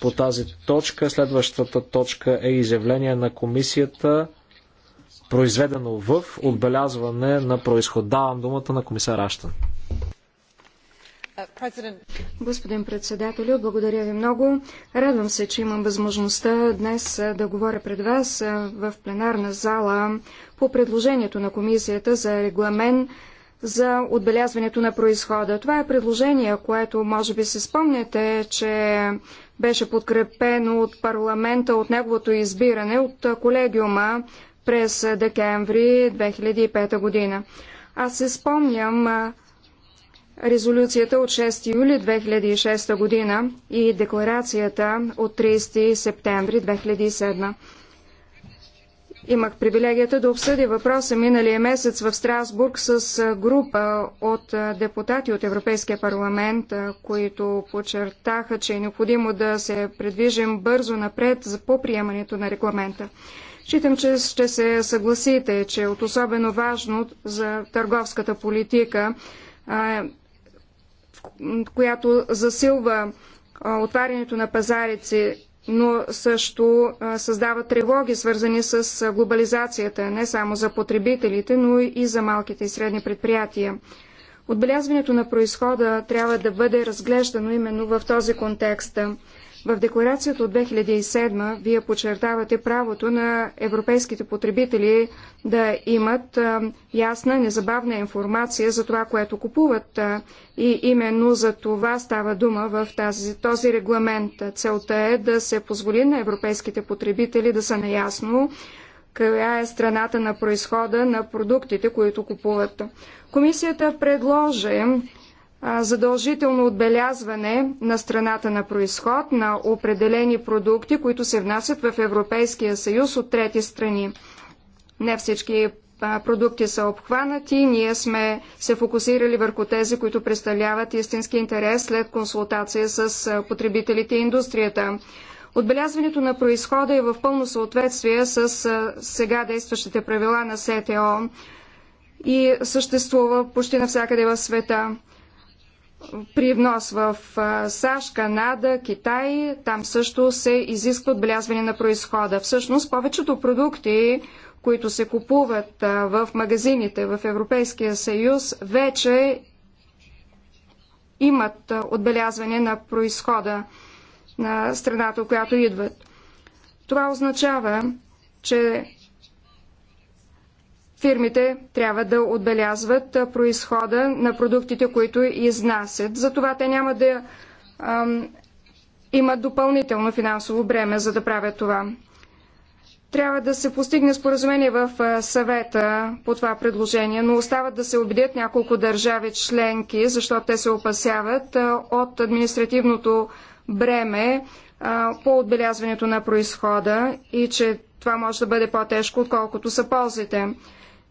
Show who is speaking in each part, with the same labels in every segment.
Speaker 1: по тази точка. Следващата точка е изявление на комисията, произведено в отбелязване на происход. Давам думата на комисар Аштан.
Speaker 2: Господин председателю, благодаря ви много. Радвам се, че имам възможността днес да говоря пред вас в пленарна зала по предложението на комисията за регламент за отбелязването на происхода. Това е предложение, което може би се спомняте, че беше подкрепено от парламента от неговото избиране от колегиума през декември 2005 година. Аз се спомням резолюцията от 6 юли 2006 година и декларацията от 30 септември 2007. Имах привилегията да обсъдя въпроса миналия е месец в Страсбург с група от депутати от Европейския парламент, които подчертаха, че е необходимо да се предвижим бързо напред по приемането на регламента. Считам, че ще се съгласите, че от особено важно за търговската политика, която засилва отварянето на пазарици но също създава тревоги, свързани с глобализацията, не само за потребителите, но и за малките и средни предприятия. Отбелязването на происхода трябва да бъде разглеждано именно в този контекст. В декларацията от 2007 вие подчертавате правото на европейските потребители да имат ясна, незабавна информация за това, което купуват. И именно за това става дума в тази, този регламент. Целта е да се позволи на европейските потребители да са наясно коя е страната на происхода на продуктите, които купуват. Комисията предложи задължително отбелязване на страната на происход на определени продукти, които се внасят в Европейския съюз от трети страни. Не всички продукти са обхванати. Ние сме се фокусирали върху тези, които представляват истински интерес след консултация с потребителите и индустрията. Отбелязването на происхода е в пълно съответствие с сега действащите правила на СТО и съществува почти навсякъде в света при внос в САЩ, Канада, Китай, там също се изисква отбелязване на происхода. Всъщност, повечето продукти, които се купуват в магазините в Европейския съюз, вече имат отбелязване на происхода на страната, от която идват. Това означава, че Фирмите трябва да отбелязват происхода на продуктите, които изнасят. Затова те няма да ам, имат допълнително финансово бреме, за да правят това. Трябва да се постигне споразумение в съвета по това предложение, но остават да се убедят няколко държави членки, защото те се опасяват от административното бреме по отбелязването на происхода и че това може да бъде по-тежко, отколкото са ползите.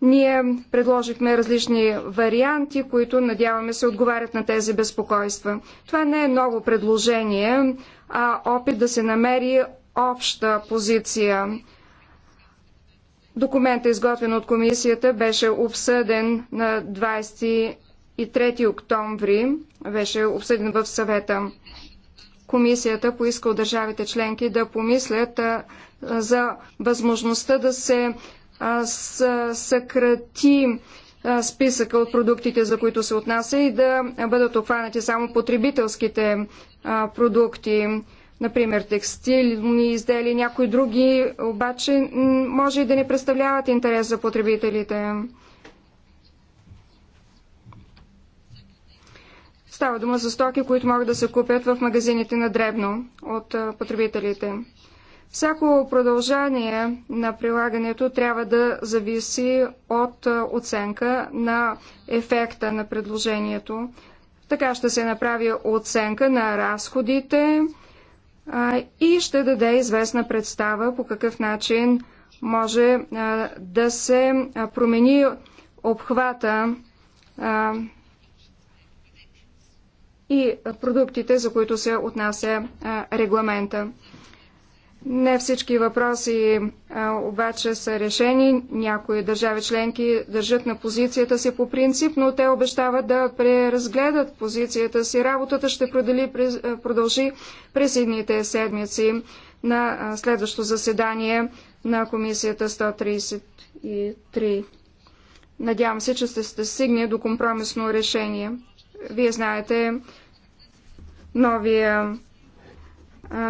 Speaker 2: Ние предложихме различни варианти, които надяваме се отговарят на тези безпокойства. Това не е ново предложение, а опит да се намери обща позиция. Документът, изготвен от комисията, беше обсъден на 23 октомври, беше обсъден в съвета. Комисията поиска от държавите членки да помислят за възможността да се съкрати списъка от продуктите, за които се отнася и да бъдат обхванати само потребителските продукти, например текстилни изделия, някои други, обаче може и да не представляват интерес за потребителите. Става дума за стоки, които могат да се купят в магазините на дребно от потребителите. Всяко продължение на прилагането трябва да зависи от оценка на ефекта на предложението. Така ще се направи оценка на разходите и ще даде известна представа по какъв начин може да се промени обхвата и продуктите, за които се отнася регламента. Не всички въпроси а, обаче са решени. Някои държави членки държат на позицията си по принцип, но те обещават да преразгледат позицията си. Работата ще продължи през, продължи през едните седмици на а, следващото заседание на комисията 133. Надявам се, че сте се стигне до компромисно решение. Вие знаете новия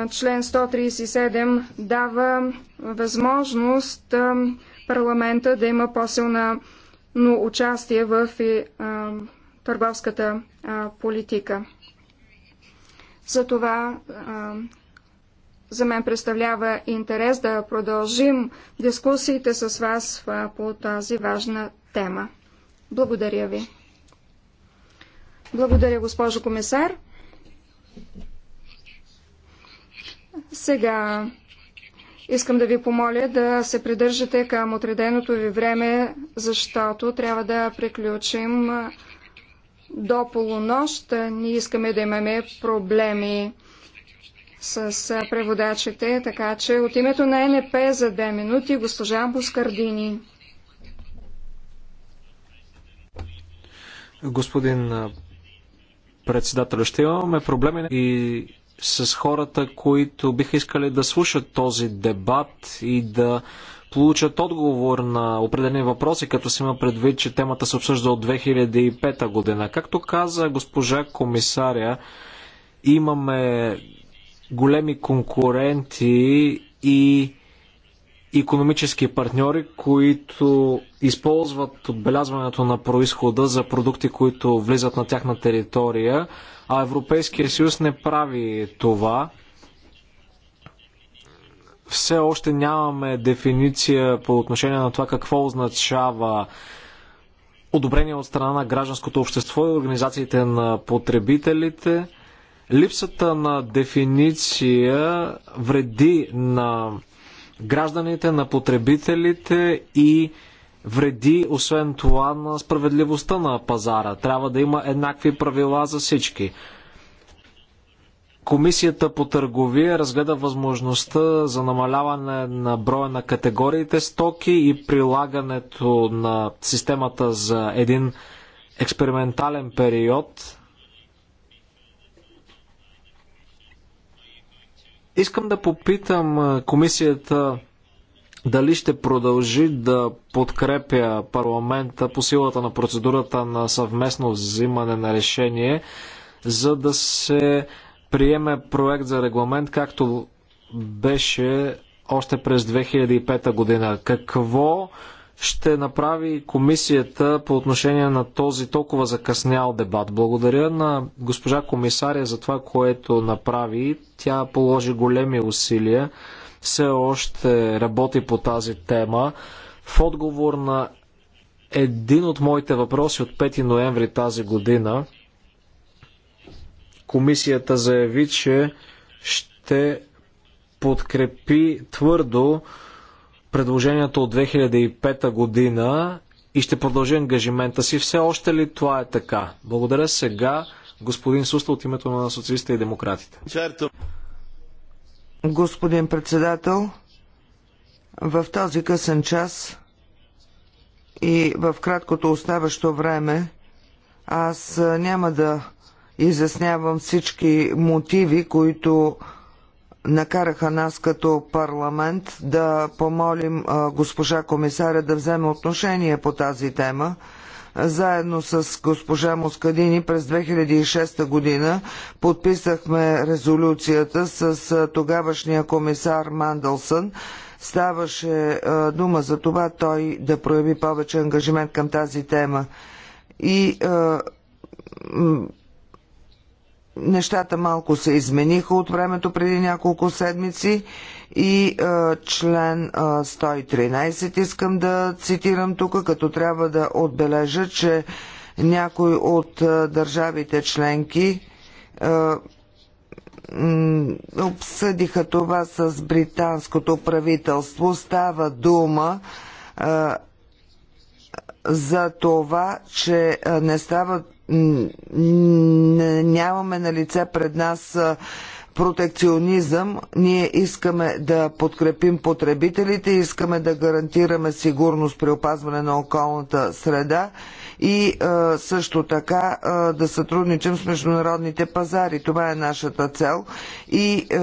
Speaker 2: член 137 дава възможност парламента да има по-силно участие в търговската политика. Затова за мен представлява интерес да продължим дискусиите с вас по тази важна тема. Благодаря ви. Благодаря, госпожо комисар. Сега искам да ви помоля да се придържате към отреденото ви време, защото трябва да приключим до полунощ. Ние искаме да имаме проблеми с преводачите, така че от името на НП за две минути госпожа Бускардини.
Speaker 1: Господин председател, ще имаме проблеми и с хората, които биха искали да слушат този дебат и да получат отговор на определени въпроси, като се има предвид, че темата се обсъжда от 2005 година. Както каза госпожа комисаря, имаме големи конкуренти и економически партньори, които използват отбелязването на происхода за продукти, които влизат на тяхна територия, а Европейския съюз не прави това. Все още нямаме дефиниция по отношение на това какво означава одобрение от страна на гражданското общество и организациите на потребителите. Липсата на дефиниция вреди на гражданите, на потребителите и вреди, освен това, на справедливостта на пазара. Трябва да има еднакви правила за всички. Комисията по търговия разгледа възможността за намаляване на броя на категориите стоки и прилагането на системата за един експериментален период Искам да попитам комисията дали ще продължи да подкрепя парламента по силата на процедурата на съвместно взимане на решение, за да се приеме проект за регламент, както беше още през 2005 година. Какво ще направи комисията по отношение на този толкова закъснял дебат. Благодаря на госпожа комисаря за това, което направи. Тя положи големи усилия. Все още работи по тази тема. В отговор на един от моите въпроси от 5 ноември тази година, комисията заяви, че ще подкрепи твърдо предложението от 2005 година и ще продължи ангажимента си. Все още ли това е така? Благодаря сега господин Суста от името на социалистите и демократите. Черто.
Speaker 3: Господин председател, в този късен час и в краткото оставащо време аз няма да изяснявам всички мотиви, които накараха нас като парламент да помолим госпожа комисаря да вземе отношение по тази тема заедно с госпожа Москадини през 2006 година подписахме резолюцията с тогавашния комисар Мандълсън. Ставаше дума за това той да прояви повече ангажимент към тази тема. И нещата малко се измениха от времето преди няколко седмици и е, член е, 113 искам да цитирам тук, като трябва да отбележа, че някои от е, държавите членки е, обсъдиха това с британското правителство. Става дума е, за това, че е, не стават нямаме на лице пред нас протекционизъм. Ние искаме да подкрепим потребителите, искаме да гарантираме сигурност при опазване на околната среда и е, също така е, да сътрудничим с международните пазари. Това е нашата цел. И е,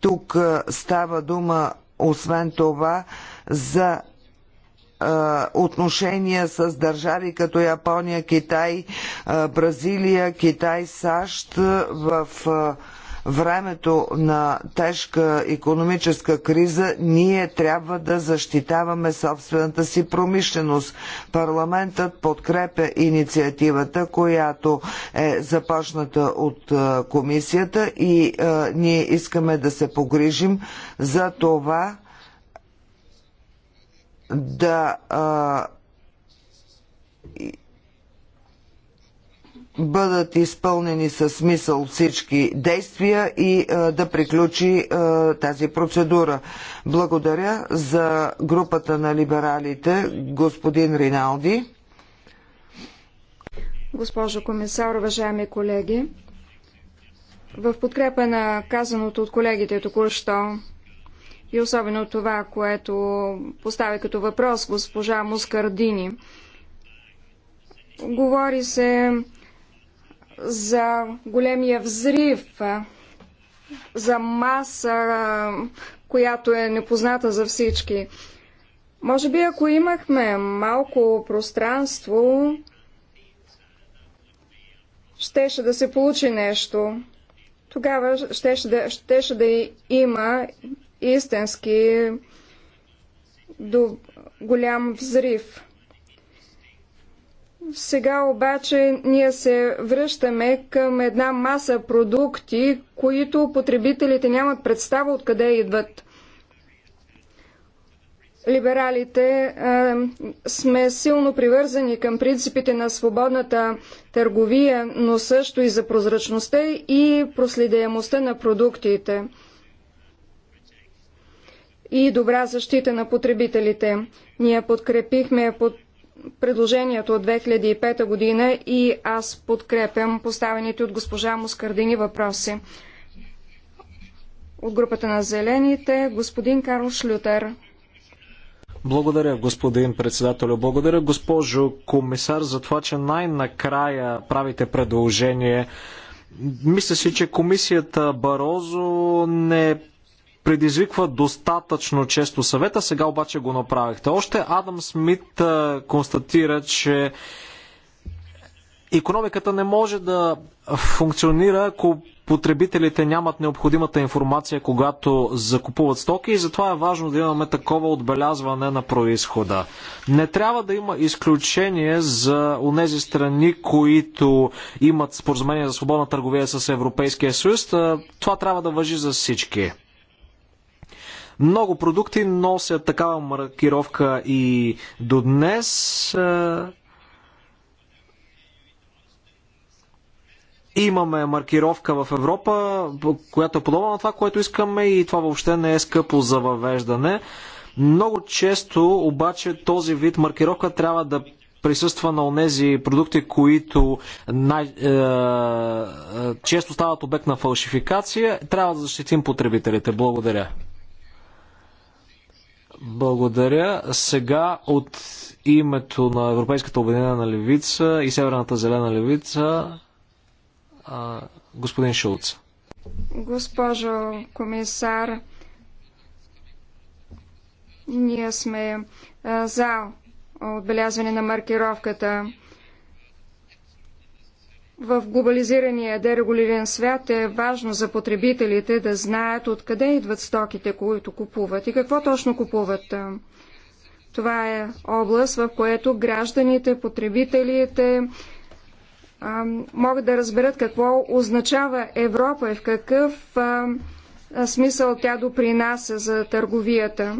Speaker 3: тук става дума, освен това, за отношения с държави като Япония, Китай, Бразилия, Китай, САЩ в времето на тежка економическа криза, ние трябва да защитаваме собствената си промишленост. Парламентът подкрепя инициативата, която е започната от комисията и ние искаме да се погрижим за това да а, бъдат изпълнени със смисъл всички действия и а, да приключи а, тази процедура. Благодаря за групата на либералите, господин Риналди.
Speaker 2: Госпожо комисар, уважаеми колеги, в подкрепа на казаното от колегите току-що, и особено това, което поставя като въпрос госпожа Мускардини. Говори се за големия взрив, за маса, която е непозната за всички. Може би ако имахме малко пространство, щеше да се получи нещо. Тогава щеше да, щеше да има истински до голям взрив. Сега обаче ние се връщаме към една маса продукти, които потребителите нямат представа откъде идват. Либералите а, сме силно привързани към принципите на свободната търговия, но също и за прозрачността и проследяемостта на продуктите и добра защита на потребителите. Ние подкрепихме под предложението от 2005 година и аз подкрепям поставените от госпожа Москардини въпроси. От групата на зелените, господин Карл Шлютер.
Speaker 1: Благодаря, господин председател. Благодаря, госпожо комисар, за това, че най-накрая правите предложение. Мисля си, че комисията Барозо не предизвиква достатъчно често съвета, сега обаче го направихте. Още Адам Смит констатира, че економиката не може да функционира, ако потребителите нямат необходимата информация, когато закупуват стоки и затова е важно да имаме такова отбелязване на происхода. Не трябва да има изключение за онези страни, които имат споразумение за свободна търговия с Европейския съюз. Това трябва да въжи за всички. Много продукти носят такава маркировка и до днес. Е, имаме маркировка в Европа, която е подобна на това, което искаме и това въобще не е скъпо за въвеждане. Много често обаче този вид маркировка трябва да присъства на онези продукти, които най- е, е, често стават обект на фалшификация. Трябва да защитим потребителите. Благодаря. Благодаря. Сега от името на Европейската обединена левица и Северната зелена левица, господин Шулц.
Speaker 2: Госпожо комисар, ние сме за отбелязване на маркировката в глобализирания дерегулиран свят е важно за потребителите да знаят откъде идват стоките, които купуват и какво точно купуват. Това е област, в което гражданите, потребителите а, могат да разберат какво означава Европа и в какъв а, смисъл тя допринася за търговията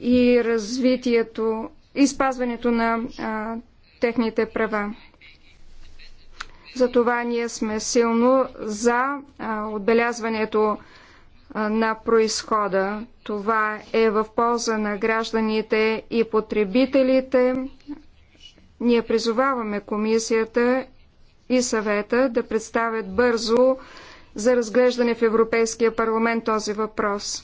Speaker 2: и развитието и спазването на а, техните права. Затова ние сме силно за отбелязването на происхода. Това е в полза на гражданите и потребителите. Ние призоваваме комисията и съвета да представят бързо за разглеждане в Европейския парламент този въпрос.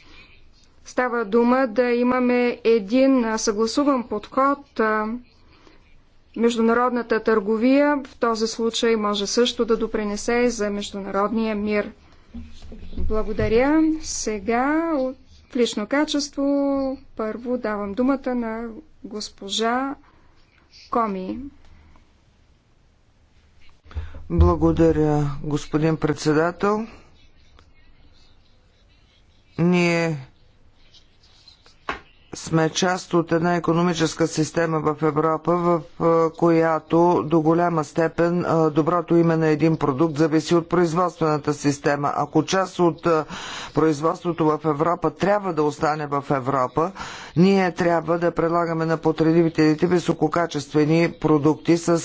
Speaker 2: Става дума да имаме един съгласуван подход Международната търговия в този случай може също да допринесе за международния мир. Благодаря. Сега от лично качество първо давам думата на госпожа Коми.
Speaker 3: Благодаря, господин председател. Ние сме част от една економическа система в Европа, в която до голяма степен доброто име на един продукт зависи от производствената система. Ако част от производството в Европа трябва да остане в Европа, ние трябва да предлагаме на потребителите висококачествени продукти с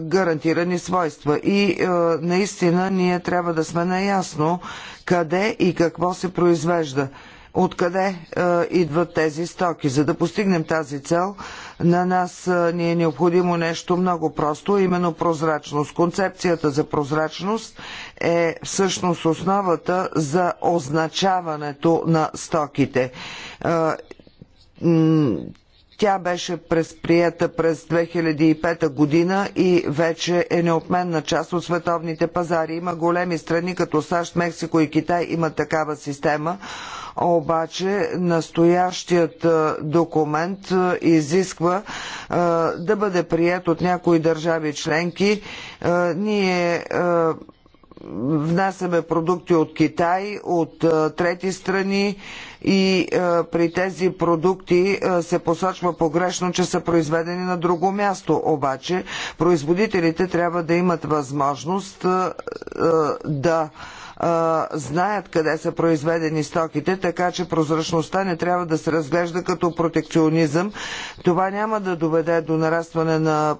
Speaker 3: гарантирани свойства. И наистина ние трябва да сме наясно къде и какво се произвежда откъде е, идват тези стоки. За да постигнем тази цел, на нас е, ни е необходимо нещо много просто, именно прозрачност. Концепцията за прозрачност е всъщност основата за означаването на стоките е, тя беше пресприета през 2005 година и вече е неотменна част от световните пазари. Има големи страни като САЩ, Мексико и Китай имат такава система, обаче настоящият документ изисква да бъде прият от някои държави членки. Ние внасяме продукти от Китай, от трети страни, и е, при тези продукти е, се посочва погрешно, че са произведени на друго място. Обаче производителите трябва да имат възможност е, да знаят къде са произведени стоките, така че прозрачността не трябва да се разглежда като протекционизъм. Това няма да доведе до нарастване на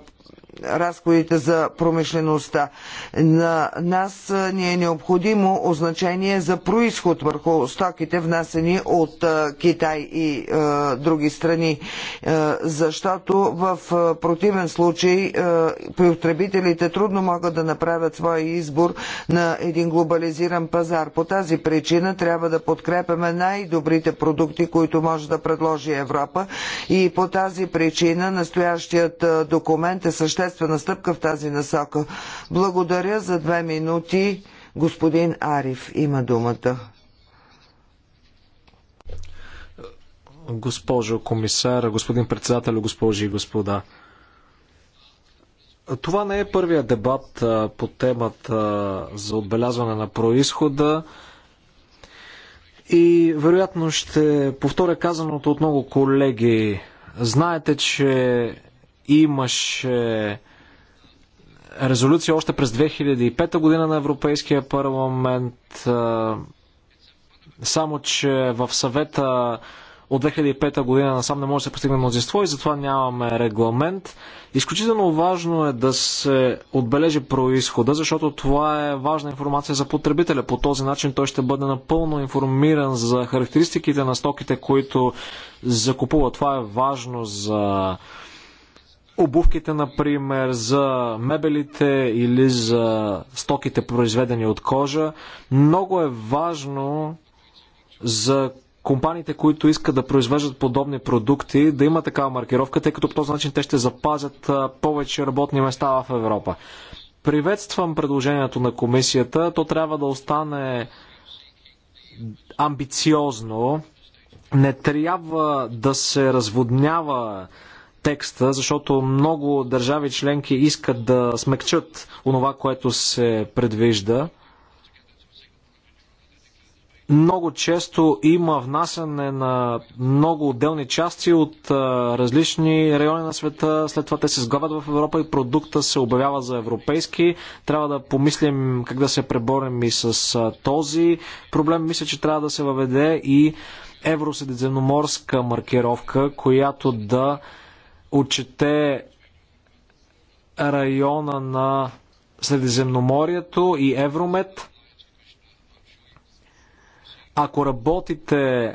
Speaker 3: разходите за промишлеността. На нас ни е необходимо означение за происход върху стоките, внасени от Китай и други страни, защото в противен случай потребителите трудно могат да направят своя избор на един глобализиран пазар. По тази причина трябва да подкрепяме най-добрите продукти, които може да предложи Европа и по тази причина настоящият документ е съществен съществена стъпка в тази насока. Благодаря за две минути. Господин Ариф има думата.
Speaker 1: Госпожо комисар, господин председател, госпожи и господа. Това не е първия дебат по темата за отбелязване на происхода. И вероятно ще повторя казаното от много колеги. Знаете, че Имаше резолюция още през 2005 година на Европейския парламент, само че в съвета от 2005 година насам не може да се постигне мнозинство и затова нямаме регламент. Изключително важно е да се отбележи происхода, защото това е важна информация за потребителя. По този начин той ще бъде напълно информиран за характеристиките на стоките, които закупува. Това е важно за обувките, например, за мебелите или за стоките, произведени от кожа. Много е важно за компаниите, които искат да произвеждат подобни продукти, да има такава маркировка, тъй като по този начин те ще запазят повече работни места в Европа. Приветствам предложението на комисията. То трябва да остане амбициозно. Не трябва да се разводнява текста, защото много държави членки искат да смекчат онова, което се предвижда. Много често има внасяне на много отделни части от различни райони на света, след това те се сглобят в Европа и продукта се обявява за европейски. Трябва да помислим как да се преборим и с този проблем. Мисля, че трябва да се въведе и евросредиземноморска маркировка, която да отчете района на Средиземноморието и Евромет. Ако работите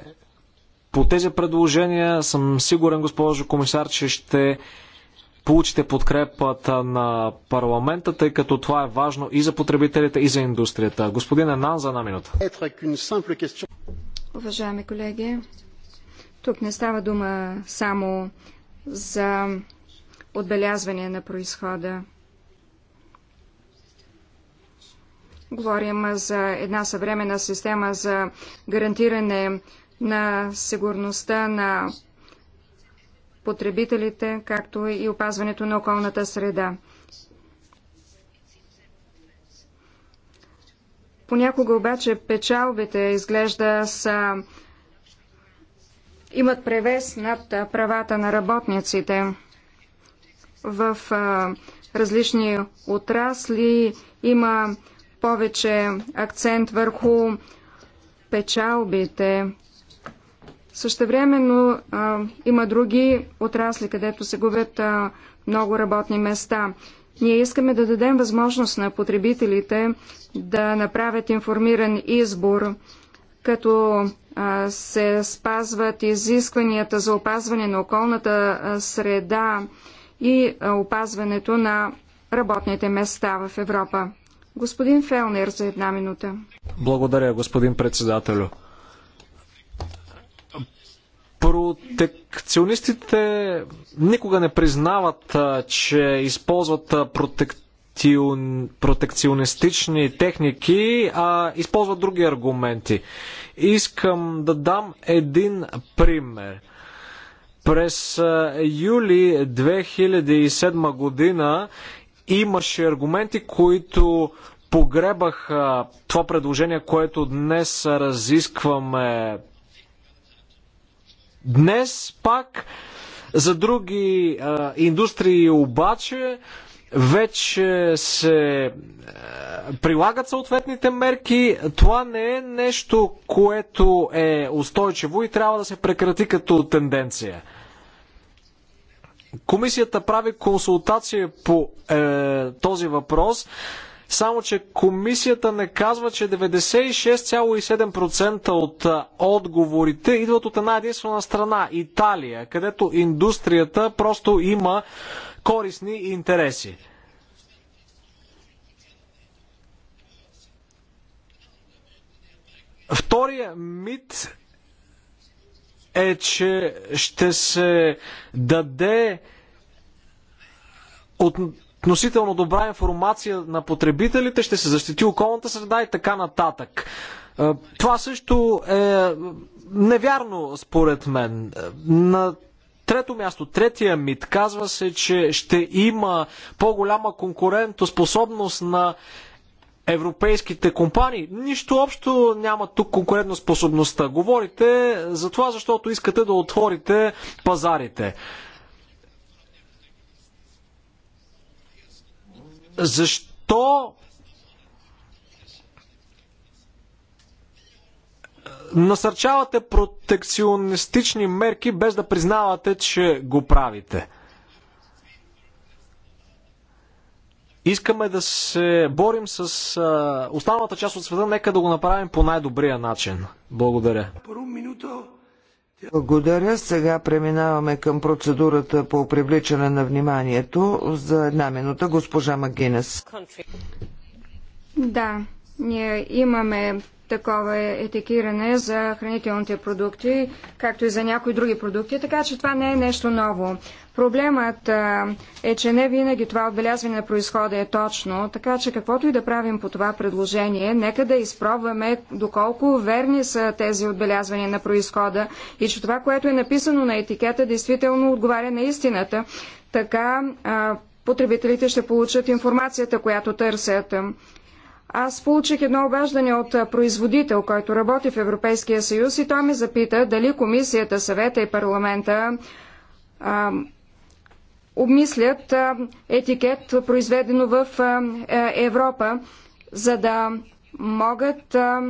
Speaker 1: по тези предложения, съм сигурен, госпожо комисар, че ще получите подкрепата на парламента, тъй като това е важно и за потребителите, и за индустрията. Господин Енан, за една минута.
Speaker 2: Уважаеми колеги, тук не става дума само за отбелязване на происхода. Говорим за една съвременна система за гарантиране на сигурността на потребителите, както и опазването на околната среда. Понякога обаче печалбите изглежда са имат превес над правата на работниците в различни отрасли. Има повече акцент върху печалбите. Същевременно а, има други отрасли, където се губят а, много работни места. Ние искаме да дадем възможност на потребителите да направят информиран избор като се спазват изискванията за опазване на околната среда и опазването на работните места в Европа. Господин Фелнер за една минута.
Speaker 1: Благодаря, господин председателю. Протекционистите никога не признават, че използват протекционистите протекционистични техники, а използват други аргументи. Искам да дам един пример. През юли 2007 година имаше аргументи, които погребаха това предложение, което днес разискваме. Днес пак за други а, индустрии обаче а, вече се е, прилагат съответните мерки. Това не е нещо, което е устойчиво и трябва да се прекрати като тенденция. Комисията прави консултация по е, този въпрос, само че комисията не казва, че 96,7% от е, отговорите идват от една единствена страна Италия, където индустрията просто има корисни интереси. Втория мит е, че ще се даде относително добра информация на потребителите, ще се защити околната среда и така нататък. Е, това също е, е невярно, според мен. Е, на трето място, третия мит, казва се, че ще има по-голяма конкурентоспособност на европейските компании. Нищо общо няма тук конкурентоспособността. Говорите за това, защото искате да отворите пазарите. Защо насърчавате протекционистични мерки, без да признавате, че го правите. Искаме да се борим с а, останалата част от света, нека да го направим по най-добрия начин.
Speaker 3: Благодаря. Благодаря. Сега преминаваме към процедурата по привличане на вниманието. За една минута госпожа Магинес.
Speaker 2: Да, ние имаме такова е етикиране за хранителните продукти, както и за някои други продукти, така че това не е нещо ново. Проблемът е, че не винаги това отбелязване на происхода е точно, така че каквото и да правим по това предложение, нека да изпробваме доколко верни са тези отбелязвания на происхода и че това, което е написано на етикета, действително отговаря на истината. Така потребителите ще получат информацията, която търсят. Аз получих едно обаждане от производител, който работи в Европейския съюз и той ме запита дали комисията, съвета и парламента а, обмислят а, етикет, произведено в а, е, Европа, за да могат а,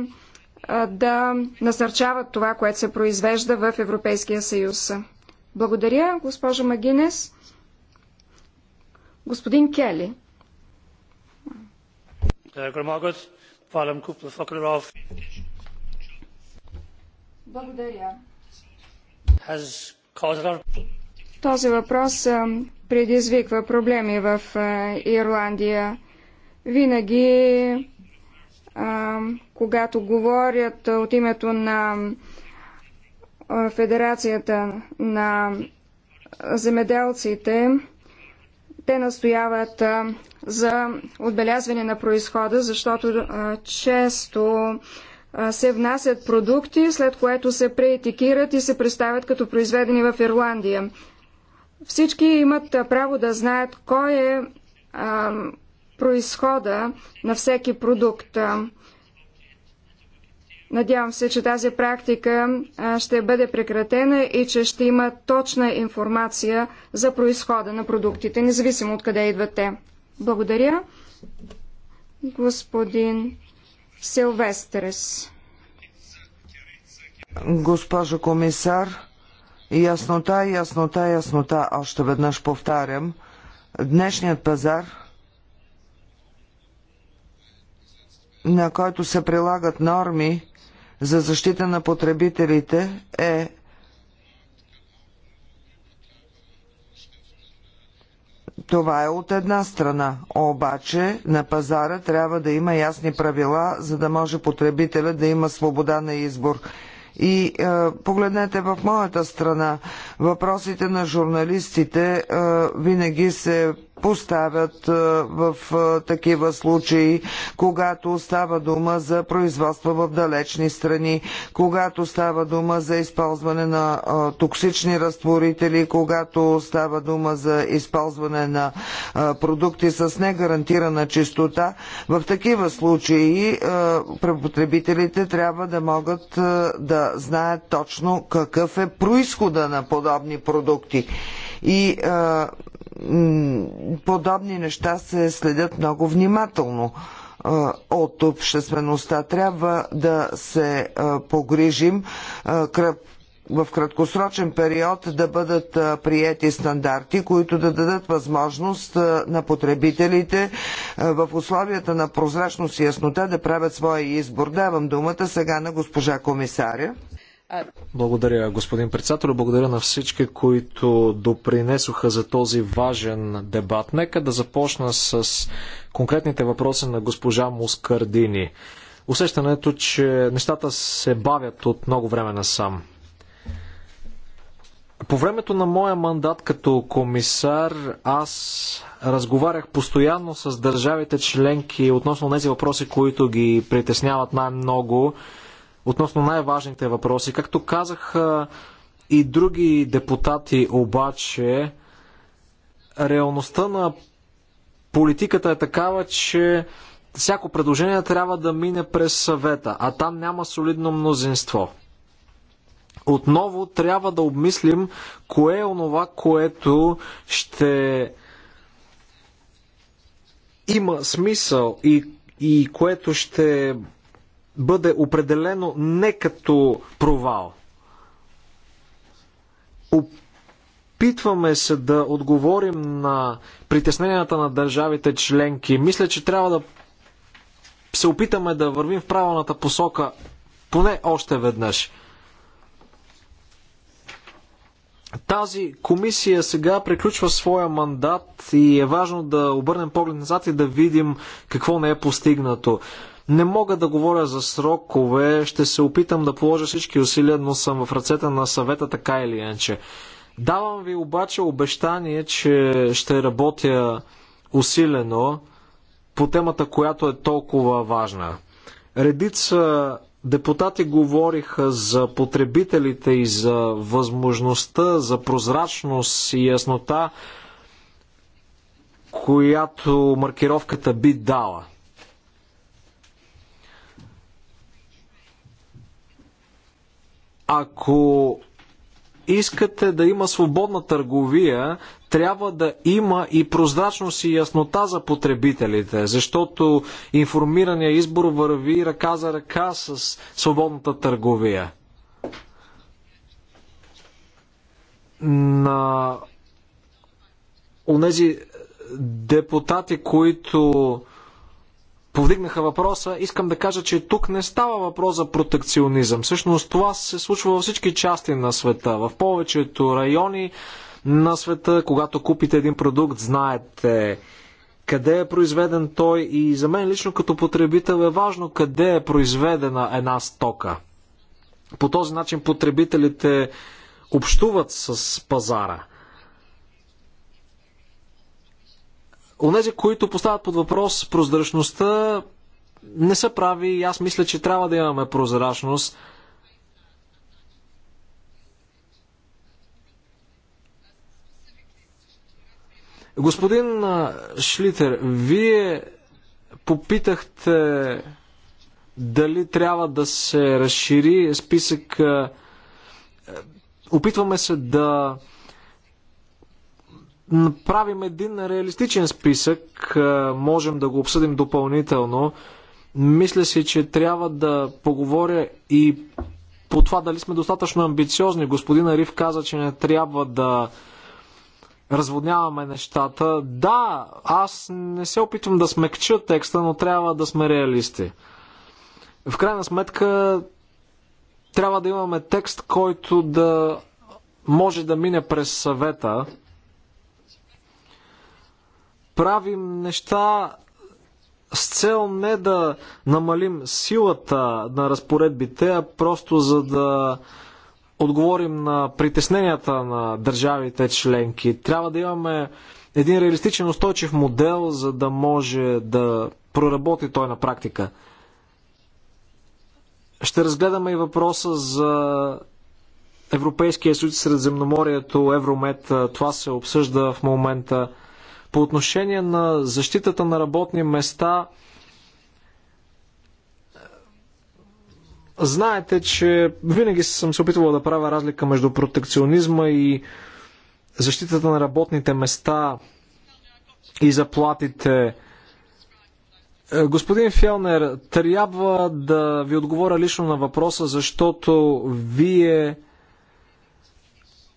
Speaker 2: да насърчават това, което се произвежда в Европейския съюз. Благодаря, госпожа Магинес. Господин Кели. Този въпрос предизвиква проблеми в Ирландия. Винаги, когато говорят от името на Федерацията на земеделците, те настояват за отбелязване на происхода, защото а, често а, се внасят продукти, след което се преетикират и се представят като произведени в Ирландия. Всички имат а, право да знаят кой е а, происхода на всеки продукт. Надявам се, че тази практика ще бъде прекратена и че ще има точна информация за происхода на продуктите, независимо от къде идват те. Благодаря. Господин Силвестрес.
Speaker 3: Госпожо комисар, яснота, яснота, яснота, още веднъж повтарям. Днешният пазар, на който се прилагат норми за защита на потребителите, е Това е от една страна. Обаче на пазара трябва да има ясни правила, за да може потребителя да има свобода на избор. И е, погледнете в моята страна, въпросите на журналистите е, винаги се поставят е, в е, такива случаи, когато става дума за производство в далечни страни, когато става дума за използване на е, токсични разтворители, когато става дума за използване на продукти с негарантирана чистота. В такива случаи потребителите трябва да могат да знаят точно какъв е происхода на подобни продукти. И а, подобни неща се следят много внимателно от обществеността. Трябва да се погрижим в краткосрочен период да бъдат приети стандарти, които да дадат възможност на потребителите в условията на прозрачност и яснота да правят своя избор. Давам думата сега на госпожа комисаря.
Speaker 1: Благодаря, господин председател. Благодаря на всички, които допринесоха за този важен дебат. Нека да започна с конкретните въпроси на госпожа Мускардини. Усещането, че нещата се бавят от много време насам. По времето на моя мандат като комисар аз разговарях постоянно с държавите членки относно тези въпроси, които ги притесняват най-много относно най-важните въпроси. Както казах и други депутати, обаче, реалността на политиката е такава, че всяко предложение трябва да мине през съвета, а там няма солидно мнозинство. Отново трябва да обмислим кое е онова, което ще има смисъл и, и което ще бъде определено не като провал. Опитваме се да отговорим на притесненията на държавите членки. Мисля, че трябва да се опитаме да вървим в правилната посока поне още веднъж. Тази комисия сега приключва своя мандат и е важно да обърнем поглед назад и да видим какво не е постигнато. Не мога да говоря за срокове, ще се опитам да положа всички усилия, но съм в ръцете на съвета така или иначе. Давам ви обаче обещание, че ще работя усилено по темата, която е толкова важна. Редица депутати говориха за потребителите и за възможността за прозрачност и яснота, която маркировката би дала. Ако искате да има свободна търговия, трябва да има и прозрачност и яснота за потребителите, защото информирания избор върви ръка за ръка с свободната търговия. На онези депутати, които повдигнаха въпроса, искам да кажа, че тук не става въпрос за протекционизъм. Всъщност това се случва във всички части на света. В повечето райони на света, когато купите един продукт, знаете къде е произведен той и за мен лично като потребител е важно къде е произведена една стока. По този начин потребителите общуват с пазара. Онези, които поставят под въпрос прозрачността, не са прави и аз мисля, че трябва да имаме прозрачност. Господин Шлитер, вие попитахте дали трябва да се разшири списък. Опитваме се да направим един реалистичен списък, можем да го обсъдим допълнително. Мисля си, че трябва да поговоря и по това дали сме достатъчно амбициозни. Господин Ариф каза, че не трябва да разводняваме нещата. Да, аз не се опитвам да смекча текста, но трябва да сме реалисти. В крайна сметка трябва да имаме текст, който да може да мине през съвета правим неща с цел не да намалим силата на разпоредбите, а просто за да отговорим на притесненията на държавите членки. Трябва да имаме един реалистичен устойчив модел, за да може да проработи той на практика. Ще разгледаме и въпроса за Европейския съюз сред земноморието, Евромет. Това се обсъжда в момента. По отношение на защитата на работни места, знаете, че винаги съм се опитвал да правя разлика между протекционизма и защитата на работните места и заплатите. Господин Фелнер, трябва да ви отговоря лично на въпроса, защото вие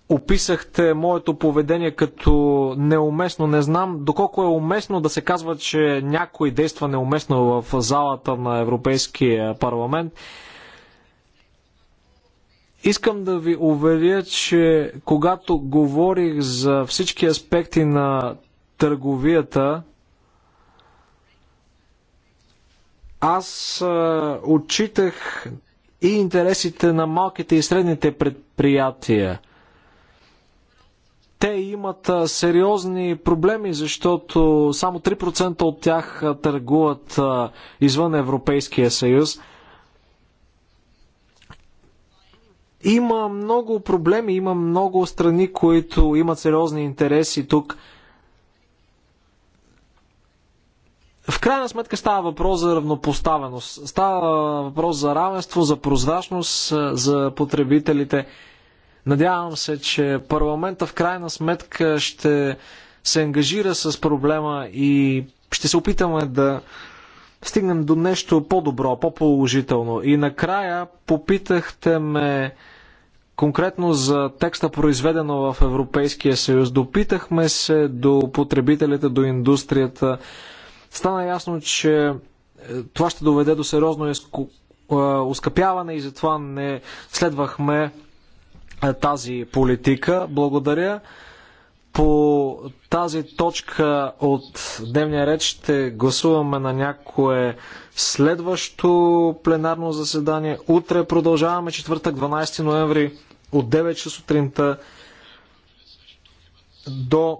Speaker 1: описахте моето поведение като неуместно. Не знам доколко е уместно да се казва, че някой действа неуместно в залата на Европейския парламент. Искам да ви уверя, че когато говорих за всички аспекти на търговията, аз отчитах и интересите на малките и средните предприятия – те имат сериозни проблеми, защото само 3% от тях търгуват извън Европейския съюз. Има много проблеми, има много страни, които имат сериозни интереси тук. В крайна сметка става въпрос за равнопоставеност, става въпрос за равенство, за прозрачност за потребителите. Надявам се, че парламента в крайна сметка ще се ангажира с проблема и ще се опитаме да стигнем до нещо по-добро, по-положително. И накрая попитахте ме конкретно за текста произведено в Европейския съюз. Допитахме се до потребителите, до индустрията. Стана ясно, че е, това ще доведе до сериозно ескопяване е, и затова не следвахме е тази политика. Благодаря. По тази точка от дневния ред ще гласуваме на някое следващо пленарно заседание. Утре продължаваме четвъртък 12 ноември от 9 часа сутринта до